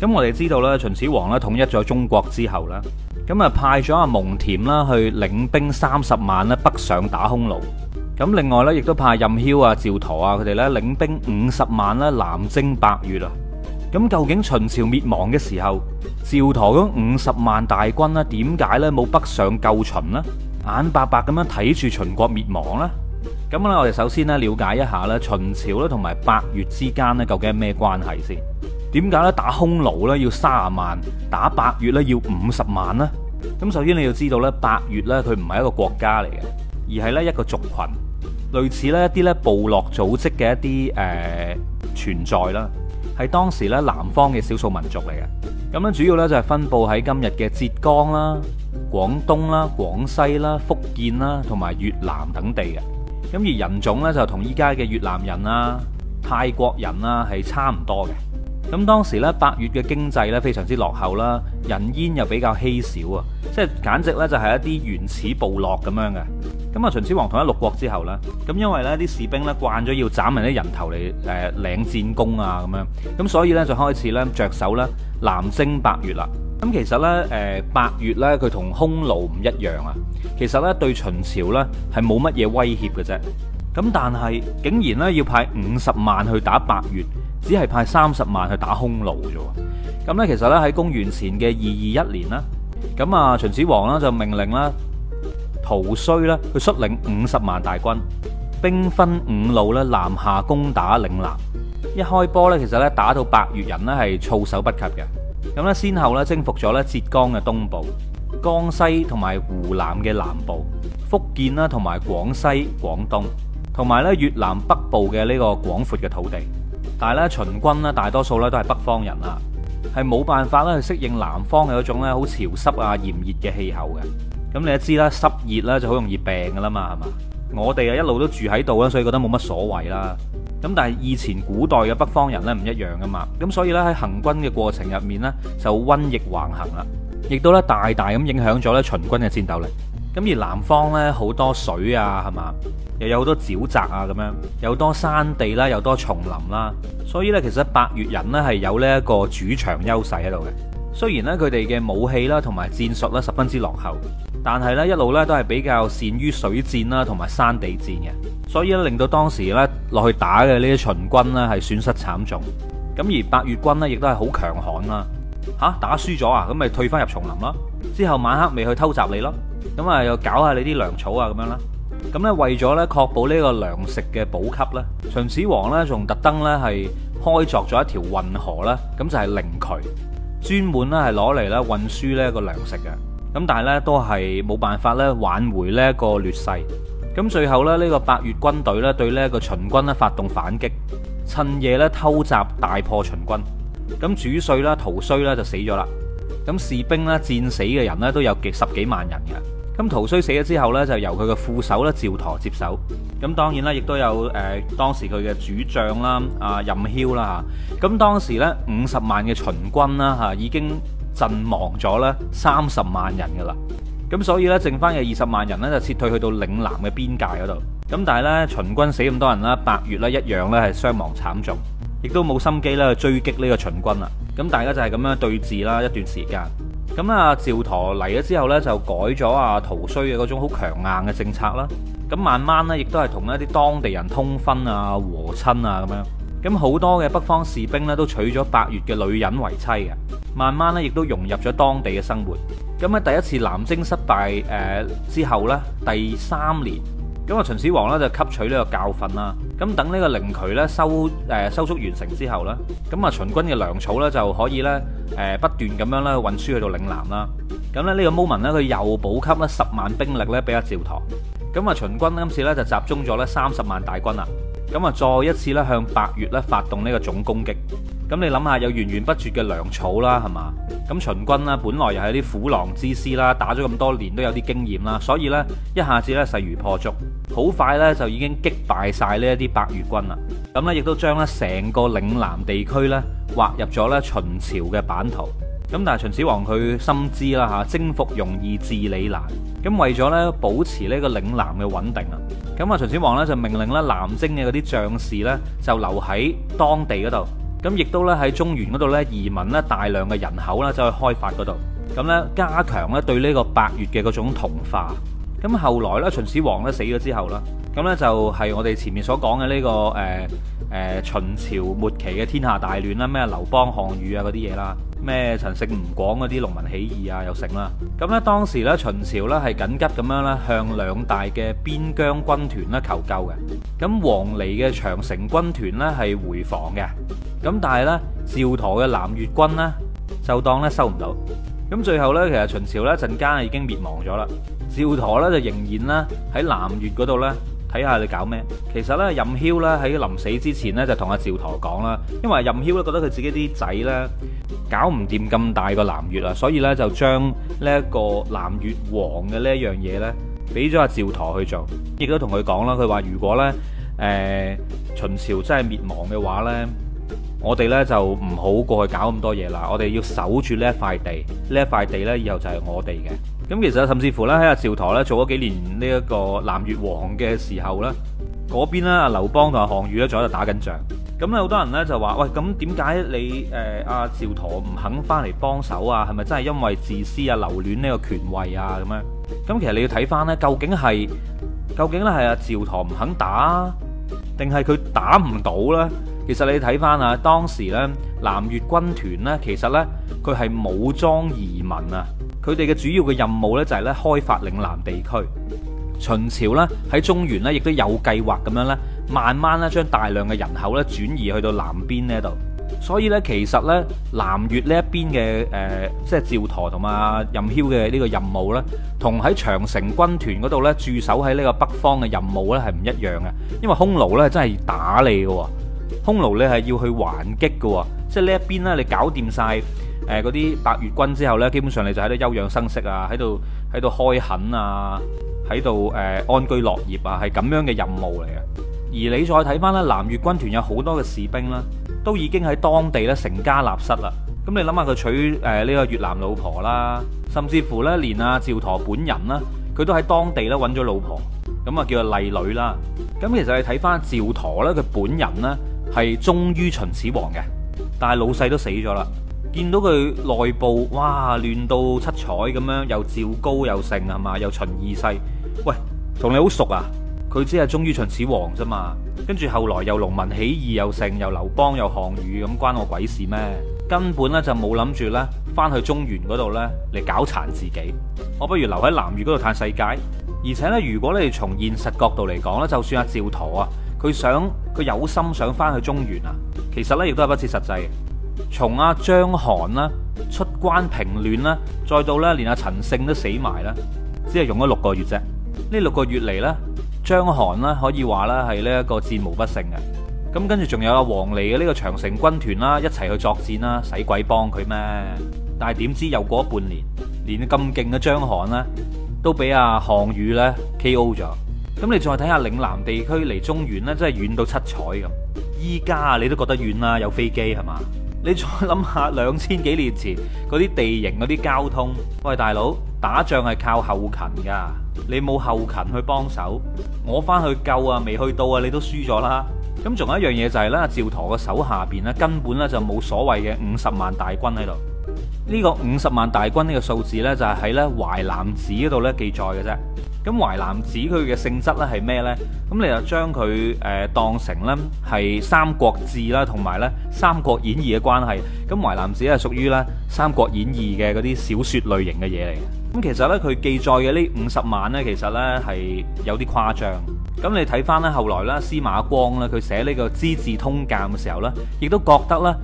咁我哋知道咧，秦始皇咧統一咗中國之後咧，咁啊派咗阿蒙恬啦去領兵三十萬咧北上打匈奴，咁另外咧亦都派任囂啊、趙佗啊佢哋咧領兵五十萬咧南征百越啊。咁究竟秦朝滅亡嘅時候，趙佗嗰五十萬大軍呢點解咧冇北上救秦呢？眼白白咁樣睇住秦國滅亡呢？咁咧我哋首先咧了解一下咧秦朝咧同埋百越之間咧究竟係咩關係先？點解咧打匈奴咧要三十萬，打百越咧要五十萬呢？咁首先你要知道咧，百越咧佢唔係一個國家嚟嘅，而係咧一個族群，類似呢一啲咧部落組織嘅一啲誒、呃、存在啦，係當時咧南方嘅少數民族嚟嘅。咁主要咧就係分佈喺今日嘅浙江啦、廣東啦、廣西啦、福建啦同埋越南等地嘅。咁而人種咧就同依家嘅越南人啦、泰國人啦係差唔多嘅。咁當時咧，百越嘅經濟咧非常之落後啦，人煙又比較稀少啊，即係簡直咧就係一啲原始部落咁樣嘅。咁啊，秦始皇統一六國之後呢，咁因為呢啲士兵呢，慣咗要斬人啲人頭嚟誒、呃、領戰功啊咁樣，咁所以呢，就開始呢，着手呢，南征百越啦。咁其實呢，呃、百越呢，佢同匈奴唔一樣啊，其實呢，對秦朝呢，係冇乜嘢威脅嘅啫。咁但係竟然呢，要派五十萬去打百越。只係派三十萬去打匈奴啫喎。咁咧，其實咧喺公元前嘅二二一年啦，咁啊，秦始皇啦就命令啦屠睢咧去率領五十萬大軍，兵分五路咧南下攻打嶺南。一開波咧，其實咧打到百越人咧係措手不及嘅。咁咧，先後咧征服咗咧浙江嘅東部、江西同埋湖南嘅南部、福建啦同埋廣西、廣東，同埋咧越南北部嘅呢個廣闊嘅土地。但係咧，秦軍咧，大多數咧都係北方人啦，係冇辦法咧去適應南方嘅嗰種咧好潮濕啊、炎熱嘅氣候嘅。咁你都知啦，濕熱啦就好容易病噶啦嘛，係嘛？我哋啊一路都住喺度啦，所以覺得冇乜所謂啦。咁但係以前古代嘅北方人咧唔一樣噶嘛，咁所以咧喺行軍嘅過程入面咧就瘟疫橫行啦，亦都咧大大咁影響咗咧秦軍嘅戰鬥力。咁而南方呢，好多水啊，係嘛？又有好多沼澤啊，咁樣又多山地啦，又多叢林啦，所以呢，其實百越人呢係有呢一個主場優勢喺度嘅。雖然呢，佢哋嘅武器啦同埋戰術呢十分之落後，但係呢一路呢都係比較擅於水戰啦同埋山地戰嘅，所以咧令到當時呢落去打嘅呢啲秦軍呢係損失慘重。咁而百越軍呢，亦都係好強悍啦。吓打輸咗啊，咁咪退翻入叢林咯。之後晚黑咪去偷襲你咯，咁啊又搞下你啲糧草啊咁樣啦。咁咧為咗咧確保呢個糧食嘅補給咧，秦始皇咧仲特登咧係開鑿咗一條運河啦，咁就係靈渠，專門咧係攞嚟咧運輸呢個糧食嘅。咁但係咧都係冇辦法咧挽回呢一個劣勢。咁最後咧呢個百越軍隊咧對呢個秦軍咧發動反擊，趁夜咧偷襲大破秦軍。咁主帥啦，屠睢啦就死咗啦。咁士兵啦，戰死嘅人呢都有幾十幾萬人嘅。咁屠睢死咗之後呢，就由佢嘅副手啦趙佗接手。咁當然啦，亦都有誒當時佢嘅主將啦啊任囂啦吓。咁當時呢，五十萬嘅秦軍啦吓，已經陣亡咗咧三十萬人噶啦。咁所以呢，剩翻嘅二十萬人呢，就撤退去到嶺南嘅邊界嗰度。咁但係呢，秦軍死咁多人啦，百越呢一樣呢係傷亡慘重，亦都冇心機咧去追擊呢個秦軍啦。咁大家就係咁樣對峙啦一段時間。咁啊，趙佗嚟咗之後呢，就改咗啊屠睢嘅嗰種好強硬嘅政策啦。咁慢慢呢，亦都係同一啲當地人通婚啊、和親啊咁樣。咁好多嘅北方士兵呢，都娶咗百越嘅女人為妻嘅，慢慢呢，亦都融入咗當地嘅生活。咁喺第一次南征失敗之後呢，第三年，咁啊秦始皇呢就吸取呢個教訓啦。咁等呢個靈渠呢收、呃、收縮完成之後呢，咁啊秦軍嘅糧草呢就可以呢不斷咁樣咧運輸去到嶺南啦。咁咧呢個 moment 呢，佢又補給呢十萬兵力呢俾阿趙佗。咁啊秦軍今次呢就集中咗呢三十萬大軍啦。咁啊再一次呢向百越呢發動呢個總攻擊。咁你諗下，有源源不絕嘅糧草啦，係嘛？咁秦軍啦，本來又係啲虎狼之師啦，打咗咁多年都有啲經驗啦，所以呢，一下子呢勢如破竹，好快呢就已經擊敗晒呢一啲百越軍啦。咁呢，亦都將呢成個嶺南地區呢劃入咗呢秦朝嘅版圖。咁但係秦始皇佢深知啦吓，征服容易治理難。咁為咗呢保持呢個嶺南嘅穩定啊，咁啊秦始皇呢就命令呢南征嘅嗰啲將士呢，就留喺當地嗰度。咁亦都咧喺中原嗰度咧移民咧大量嘅人口呢走去開發嗰度，咁咧加強咧對呢個百越嘅嗰種同化。咁後來呢秦始皇死咗之後啦，咁就係、是、我哋前面所講嘅呢個誒誒、呃呃、秦朝末期嘅天下大亂啦，咩劉邦項羽啊嗰啲嘢啦，咩陳勝吳廣嗰啲農民起義啊又成啦。咁呢當時咧秦朝呢係緊急咁樣咧向兩大嘅邊疆軍團呢求救嘅。咁王離嘅長城軍團呢係回防嘅，咁但係呢，趙佗嘅南越軍呢，就當呢收唔到。咁最後呢，其實秦朝呢陣間已經滅亡咗啦。趙佗咧就仍然咧喺南越嗰度咧睇下你搞咩。其實咧任囂咧喺臨死之前咧就同阿趙佗講啦，因為任囂咧覺得佢自己啲仔咧搞唔掂咁大個南越啊，所以咧就將呢一個南越，這個南越王嘅呢一樣嘢，咧俾咗阿趙佗去做，亦都同佢講啦，佢話如果咧誒、呃、秦朝真係滅亡嘅話咧，我哋咧就唔好過去搞咁多嘢啦，我哋要守住呢一塊地，這一塊地呢一塊地咧以後就係我哋嘅。咁其實甚至乎咧，喺阿趙佗咧做咗幾年呢一個南越王嘅時候咧，嗰邊咧阿劉邦同阿項羽咧仲喺度打緊仗。咁咧好多人咧就話：喂，咁點解你誒阿、呃、趙佗唔肯翻嚟幫手啊？係咪真係因為自私啊、留戀呢個權位啊咁樣？咁其實你要睇翻咧，究竟係究竟咧係阿趙佗唔肯打，定係佢打唔到咧？其實你睇翻啊，當時咧南越軍團咧，其實咧佢係武裝移民啊。佢哋嘅主要嘅任務呢，就係咧開發嶺南地區。秦朝呢，喺中原呢，亦都有計劃咁樣呢，慢慢咧將大量嘅人口呢轉移去到南邊呢度。所以呢，其實呢，南越呢一邊嘅誒，即係趙佗同埋任囂嘅呢個任務呢，同喺長城軍團嗰度呢，駐守喺呢個北方嘅任務呢，係唔一樣嘅。因為匈奴呢，真係打你㗎，匈奴呢，係要去還擊㗎，即係呢一邊呢，你搞掂晒。誒嗰啲百越軍之後呢，基本上你就喺度休養生息啊，喺度喺度開墾啊，喺度誒安居樂業啊，係咁樣嘅任務嚟嘅。而你再睇翻咧，南越軍團有好多嘅士兵啦，都已經喺當地呢成家立室啦。咁你諗下佢娶誒呢個越南老婆啦，甚至乎呢連阿趙佗本人啦，佢都喺當地揾咗老婆咁啊，叫做麗女啦。咁其實你睇翻趙佗呢，佢本人呢，係忠於秦始皇嘅，但係老細都死咗啦。見到佢內部哇亂到七彩咁樣，又趙高又勝係嘛，又秦二世，喂，同你好熟啊？佢只係忠於秦始皇啫嘛，跟住後來又農民起義又勝，又劉邦又項羽咁，關我鬼事咩？根本呢就冇諗住呢返去中原嗰度呢嚟搞殘自己，我不如留喺南越嗰度嘆世界。而且呢，如果你從現實角度嚟講呢，就算阿趙佗啊，佢想佢有心想返去中原啊，其實呢，亦都係不切實際嘅。從阿張韓啦，出關平亂啦，再到咧，連阿陳勝都死埋啦，只係用咗六個月啫。呢六個月嚟呢，張韓呢可以話咧係呢一個戰無不勝嘅。咁跟住仲有阿黃黎嘅呢個長城軍團啦，一齊去作戰啦，使鬼幫佢咩？但係點知又過咗半年，連咁勁嘅張韓呢都俾阿項羽呢 K.O. 咗。咁你再睇下嶺南地區離中原呢，真係遠到七彩咁。依家你都覺得遠啦，有飛機係嘛？你再諗下，兩千幾年前嗰啲地形，嗰啲交通，喂大佬，打仗係靠後勤噶你冇後勤去幫手，我翻去救啊，未去到啊，你都輸咗啦。咁仲有一樣嘢就係呢，趙佗嘅手下邊咧，根本咧就冇所謂嘅五十萬大軍喺度。呢個五十萬大軍呢個數字咧，就係喺咧《淮南子》嗰度咧記載嘅啫。咁《淮南子》佢嘅性質咧係咩咧？咁你就將佢誒當成咧係《三國志》啦，同埋咧《三國演義》嘅關係。咁《淮南子》係屬於咧《三國演義》嘅嗰啲小説類型嘅嘢嚟嘅。咁其實咧佢記載嘅呢五十萬咧，其實咧係有啲誇張。咁你睇翻咧後來咧，司馬光咧佢寫呢個《資治通鑑》嘅時候咧，亦都覺得咧。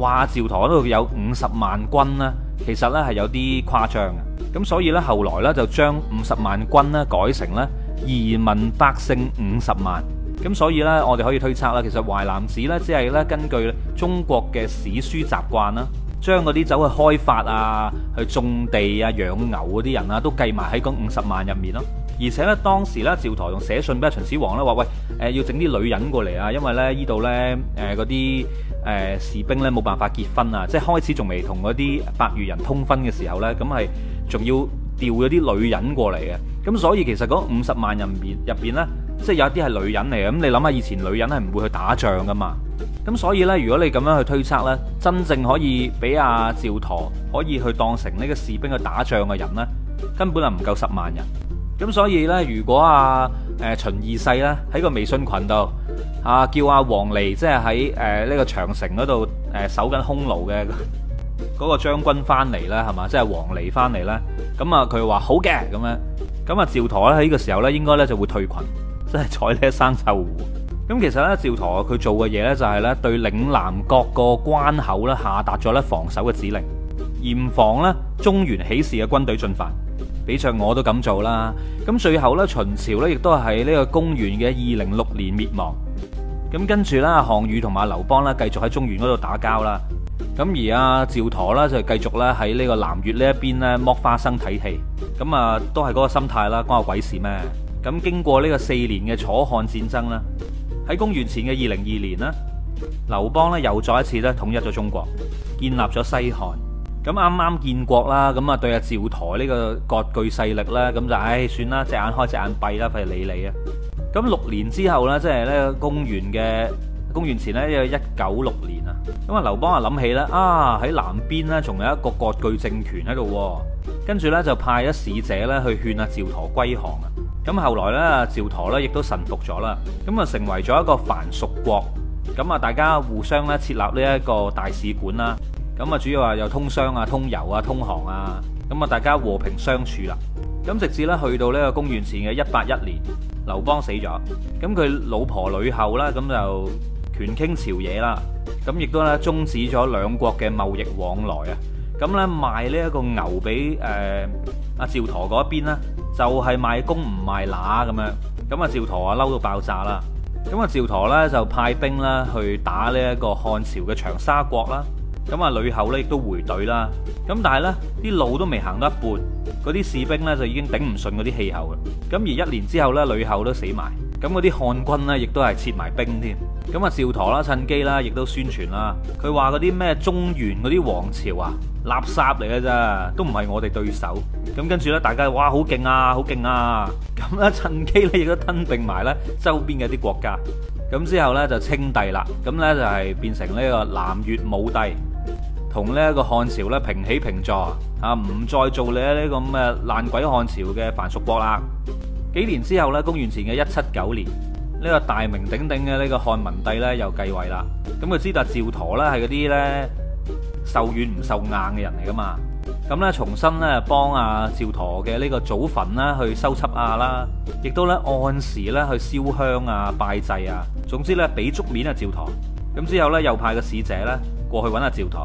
話趙佗嗰度有五十萬軍啦，其實咧係有啲誇張嘅，咁所以咧後來咧就將五十萬軍咧改成咧移民百姓五十萬，咁所以呢，我哋可以推測啦，其實淮南子呢，只係咧根據中國嘅史書習慣啦，將嗰啲走去開發啊、去種地啊、養牛嗰啲人啊，都計埋喺嗰五十萬入面咯。而且咧，當時咧，趙佗仲寫信俾阿秦始皇咧，話：喂，誒、呃、要整啲女人過嚟啊，因為咧呢度咧，誒嗰啲誒士兵咧冇辦法結婚啊，即係開始仲未同嗰啲百越人通婚嘅時候咧，咁係仲要調咗啲女人過嚟嘅。咁所以其實嗰五十萬人入面入邊咧，即係有一啲係女人嚟嘅。咁你諗下，以前女人係唔會去打仗噶嘛？咁所以咧，如果你咁樣去推測咧，真正可以俾阿趙佗可以去當成呢個士兵去打仗嘅人咧，根本啊唔夠十萬人。咁所以咧，如果阿、啊、誒、呃、秦二世咧喺個微信群度啊，叫阿王離即係喺呢個長城嗰度誒守緊匈奴嘅嗰個將軍翻嚟啦，係嘛？即係王離翻嚟啦。咁、嗯、啊，佢話好嘅咁樣。咁、嗯、啊，趙佗咧喺呢個時候咧，應該咧就會退群，即係睬呢一生臭狐。咁其實咧，趙佗佢做嘅嘢咧，就係、是、咧對嶺南各個關口咧下達咗咧防守嘅指令，嚴防咧中原起事嘅軍隊進犯。比著我都咁做啦，咁最後呢，秦朝呢亦都係呢個公元嘅二零六年滅亡，咁跟住啦，項羽同埋劉邦呢繼續喺中原嗰度打交啦，咁而阿趙佗呢，就繼續咧喺呢個南越呢一邊呢，剝花生睇戲，咁啊都係嗰個心態啦，關我鬼事咩？咁經過呢個四年嘅楚漢戰爭啦，喺公元前嘅二零二年啦，劉邦呢又再一次咧統一咗中國，建立咗西漢。咁啱啱建國啦，咁啊對啊趙佗呢個割據勢力啦咁就唉、哎、算啦，隻眼開隻眼閉啦，費事理你啊！咁六年之後呢，即係咧公元嘅公元前呢，一九六年啊，咁啊劉邦啊諗起呢，啊喺南邊呢，仲有一個割據政權喺度，跟住呢，就派咗使者呢去勸啊趙佗歸降啊。咁後來呢，啊趙佗呢亦都臣服咗啦，咁啊成為咗一個藩屬國，咁啊大家互相呢設立呢一個大使館啦。咁啊，主要話有通商啊、通油啊、通航啊，咁啊，大家和平相處啦。咁直至咧去到呢個公元前嘅一八一年，劉邦死咗，咁佢老婆呂后啦，咁就權傾朝野啦。咁亦都咧終止咗兩國嘅貿易往來啊。咁咧賣呢一個牛俾誒阿趙佗嗰邊呢，就係、是、賣公唔賣乸咁樣。咁啊，趙佗啊嬲到爆炸啦。咁啊，趙佗咧就派兵啦去打呢一個漢朝嘅長沙國啦。咁啊，呂后咧亦都回隊啦。咁但係呢啲路都未行到一半，嗰啲士兵呢就已經頂唔順嗰啲氣候啦。咁而一年之後呢，呂后都死埋。咁嗰啲漢軍呢亦都係撤埋兵添。咁啊，趙佗啦，趁機啦，亦都宣傳啦。佢話嗰啲咩中原嗰啲王朝啊，垃圾嚟嘅咋，都唔係我哋對手。咁跟住呢，大家哇好勁啊，好勁啊！咁咧趁機呢亦都吞並埋呢周邊嘅啲國家。咁之後呢，就稱帝啦。咁呢，就係變成呢個南越武帝。同呢個個漢朝咧平起平坐啊！唔再做你呢個咁嘅爛鬼漢朝嘅凡俗國啦。幾年之後呢，公元前嘅一七九年，呢、呢個大名鼎鼎嘅呢個漢文帝呢又繼位啦。咁佢知道趙佗呢係嗰啲呢受軟唔受硬嘅人嚟噶嘛？咁呢，重新呢幫啊趙佗嘅呢個祖墳呢去收葺啊啦，亦都呢，按時呢去燒香啊拜祭啊。總之呢，俾足面阿趙佗，咁之後呢，又派個使者呢，過去揾下趙佗。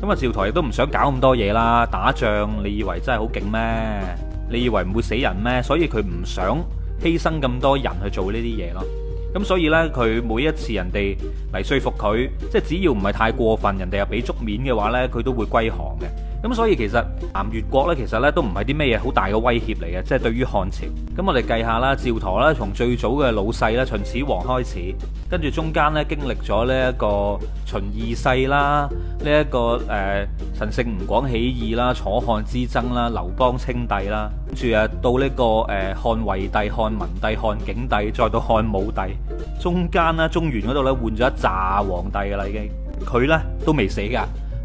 咁啊，趙台亦都唔想搞咁多嘢啦，打仗你，你以為真係好勁咩？你以為唔會死人咩？所以佢唔想犧牲咁多人去做呢啲嘢咯。咁所以呢，佢每一次人哋嚟說服佢，即係只要唔係太過分，人哋又俾足面嘅話呢，佢都會歸降嘅。咁所以其實南越國咧，其實咧都唔係啲咩嘢好大嘅威脅嚟嘅，即係對於漢朝。咁我哋計下啦，趙佗咧，從最早嘅老細咧秦始皇開始，跟住中間咧經歷咗呢一個秦二世啦，呢一個誒陳勝吳廣起義啦、楚漢之爭啦、劉邦稱帝啦，跟住啊到呢個誒漢惠帝、漢文帝、漢景帝，再到漢武帝，中間呢，中原嗰度咧換咗一紮皇帝嘅啦，已經佢咧都未死㗎。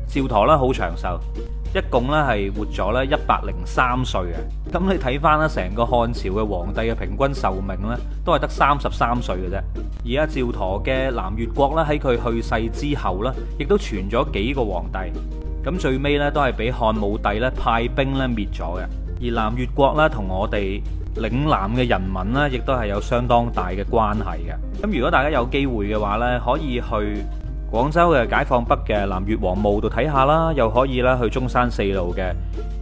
趙佗咧好長壽。一共咧係活咗咧一百零三歲嘅。咁你睇翻咧成個漢朝嘅皇帝嘅平均壽命咧，都係得三十三歲嘅啫。而家趙佗嘅南越國咧，喺佢去世之後呢，亦都傳咗幾個皇帝，咁最尾呢，都係俾漢武帝咧派兵咧滅咗嘅。而南越國呢，同我哋嶺南嘅人民呢，亦都係有相當大嘅關係嘅。咁如果大家有機會嘅話呢，可以去廣州嘅解放北嘅南越王墓度睇下啦，又可以咧去中山四路嘅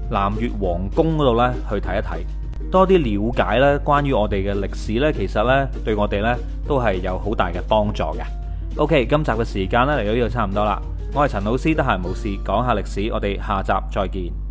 南越王宮嗰度呢去睇一睇，多啲了解呢關於我哋嘅歷史呢，其實呢對我哋呢都係有好大嘅幫助嘅。OK，今集嘅時間呢嚟到呢度差唔多啦，我係陳老師，得閒冇事講下歷史，我哋下集再見。